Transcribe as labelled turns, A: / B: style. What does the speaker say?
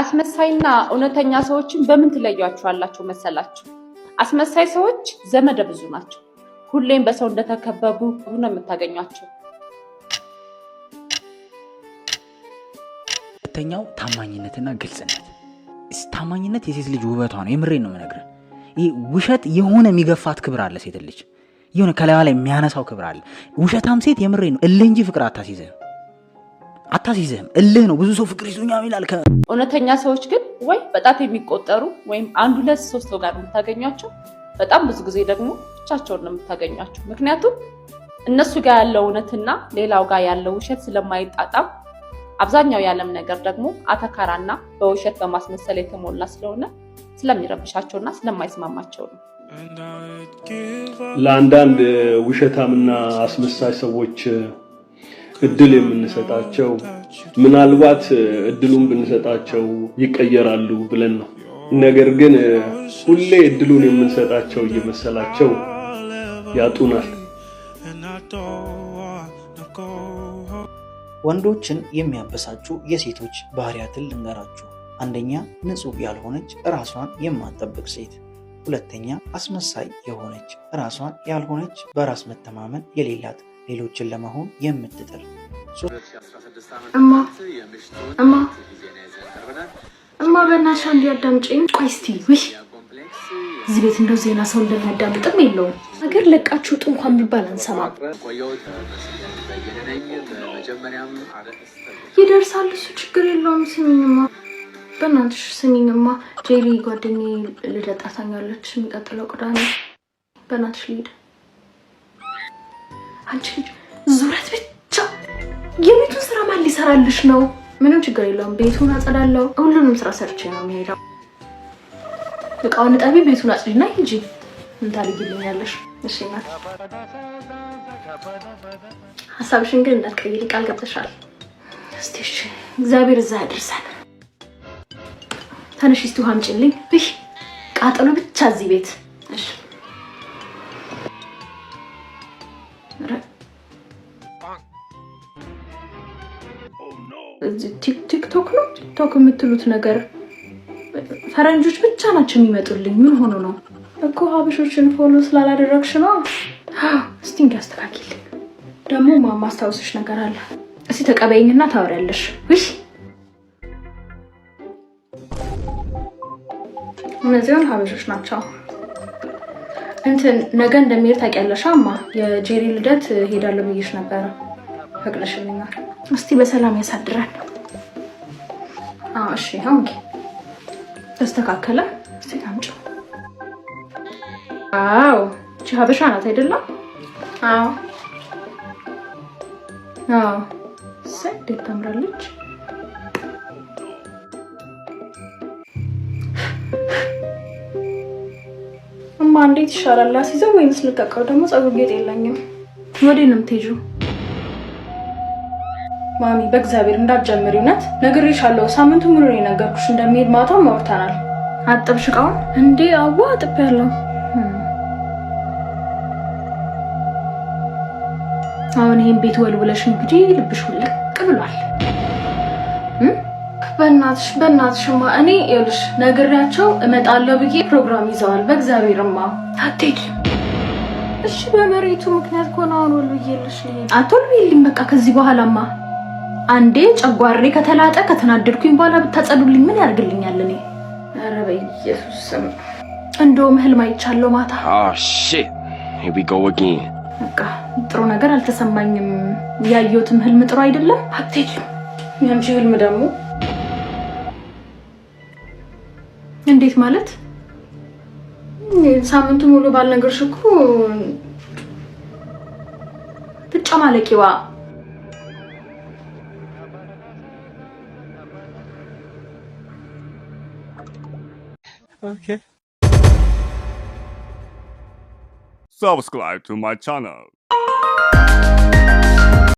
A: አስመሳይና እውነተኛ ሰዎችን በምን ትለያችኋላቸው መሰላችሁ? አስመሳይ ሰዎች ዘመደ ብዙ ናቸው። ሁሌም በሰው እንደተከበቡ ነው የምታገኟቸው።
B: ሁለተኛው ታማኝነትና ግልጽነት። ታማኝነት የሴት ልጅ ውበቷ ነው። የምሬን ነው የምነግርህ። ይህ ውሸት የሆነ የሚገፋት ክብር አለ ሴት ልጅ የሆነ ከላይዋ ላይ የሚያነሳው ክብር አለ። ውሸታም ሴት የምሬ ነው እልህ እንጂ ፍቅር አታስይዘህ አታስይዝህም። እልህ ነው። ብዙ ሰው ፍቅር ይዞኛል ይላል።
A: እውነተኛ ሰዎች ግን ወይ በጣት የሚቆጠሩ ወይም አንድ ሁለት ሶስት ሰው ጋር የምታገኟቸው፣ በጣም ብዙ ጊዜ ደግሞ ብቻቸውን ነው የምታገኟቸው። ምክንያቱም እነሱ ጋር ያለው እውነትና ሌላው ጋር ያለው ውሸት ስለማይጣጣም አብዛኛው የዓለም ነገር ደግሞ አተካራና በውሸት በማስመሰል የተሞላ ስለሆነ ስለሚረብሻቸውና ስለማይስማማቸው ነው።
C: ለአንዳንድ ውሸታምና አስመሳይ ሰዎች እድል የምንሰጣቸው ምናልባት እድሉን ብንሰጣቸው ይቀየራሉ ብለን ነው። ነገር ግን ሁሌ እድሉን የምንሰጣቸው እየመሰላቸው ያጡናል።
B: ወንዶችን የሚያበሳጩ የሴቶች ባህሪያትን ልንገራችሁ። አንደኛ ንጹሕ ያልሆነች ራሷን የማትጠብቅ ሴት፣ ሁለተኛ አስመሳይ የሆነች ራሷን ያልሆነች በራስ መተማመን የሌላት ሌሎችን ለመሆን የምትጥር
D: እማ እማ እማ በእናትሽ አንዴ አዳምጪኝ።
E: ቆይ እስኪ ውይ እዚህ ቤት እንደው ዜና ሰው እንደሚያዳምጥም የለውም። ሀገር ለቃችሁ ውጡ እንኳን ቢባል አንሰማም።
D: ይደርሳል እሱ ችግር የለውም። ስሚኝማ በእናትሽ ስሚኝማ። ጄሪ ጓደኛዬ ልደጣታኛለች የሚቀጥለው ቅዳሜ። በእናትሽ ልሂድ አንቺ ዙረት ብቻ የቤቱን ስራ ማን ሊሰራልሽ ነው? ምንም ችግር የለውም። ቤቱን አጸዳለሁ። ሁሉንም ስራ ሰርቼ ነው የሚሄደው።
E: እቃውን ጠቢ፣ ቤቱን አጽድና ሂጂ። ምን ታልጊልኛለሽ? እሺ እናት፣
D: ሀሳብሽን ግን እንዳትቀይሪ ቃል ገብተሻል። እስቲ እሺ፣ እግዚአብሔር እዛ ያደርሰን። ተነሽ፣ እስቲ ውሃ አምጪልኝ። ቃጠሎ ብቻ እዚህ ቤት
E: ቲክቶክ ነው ቲክቶክ የምትሉት ነገር ፈረንጆች ብቻ ናቸው የሚመጡልኝ። ምን ሆኖ ነው
D: እኮ ሀበሾችን ፎሎ ስላላደረግሽ ነው።
E: እስቲ እንዲ አስተካኪልኝ። ደግሞ ማስታወስሽ ነገር አለ። እስቲ ተቀበይኝና ታወሪያለሽ። ውይ
D: እነዚሁን ሀበሾች ናቸው። እንትን ነገ እንደሚሄድ ታውቂያለሽ? አማ የጄሪ ልደት ሄዳለሁ ብዬሽ ነበረ። ፈቅደሽልኛል።
E: እስቲ በሰላም ያሳድረን። እሺ አሁን ተስተካከለ። እስቲ አዎ እቺ ሀበሻ ናት አይደለም? አዎ አዎ። እንዴት ታምራለች!
D: እማ እንዴት ይሻላል? አስይዘው ወይንስ ልቀቀው? ደግሞ ፀጉር ጌጥ የለኝም።
E: ወዴት ነው የምትሄጂው? ማሚ በእግዚአብሔር እንዳትጀምሪ። እውነት ነግሬሻለሁ። ሳምንቱ ሙሉ ነው የነገርኩሽ እንደሚሄድ ማታም አውርተናል።
D: አጠብሽ እቃውን?
E: እንዴ አዋ አጥቤያለሁ።
D: አሁን ይሄን ቤት ወልውለሽ እንግዲህ ልብሽ ውልቅ ብሏል።
E: በእናትሽ በእናትሽማ እኔ ይኸውልሽ ነግሬያቸው እመጣለሁ ብዬ ፕሮግራም ይዘዋል። በእግዚአብሔርማ አትሄጂም። እሺ በመሬቱ ምክንያት ከሆነ አሁን ልሄድ።
D: አትወልቢልኝ በቃ ከዚህ በኋላማ አንዴ ጨጓሬ ከተላጠ ከተናደድኩኝ በኋላ ብታጸዱልኝ ምን ያደርግልኛል? እኔ
E: ኧረ በኢየሱስ ስም
D: እንደውም ህልም አይቻለሁ ማታ።
E: ጎ ah, በቃ ጥሩ ነገር አልተሰማኝም። ያየሁትም ህልም ጥሩ አይደለም። አክቴጅ ያንቺ ህልም ደግሞ እንዴት ማለት? ሳምንቱ ሙሉ ባልነገርሽ እኮ ትጫ ማለቂዋ
D: okay. Subscribe to my channel.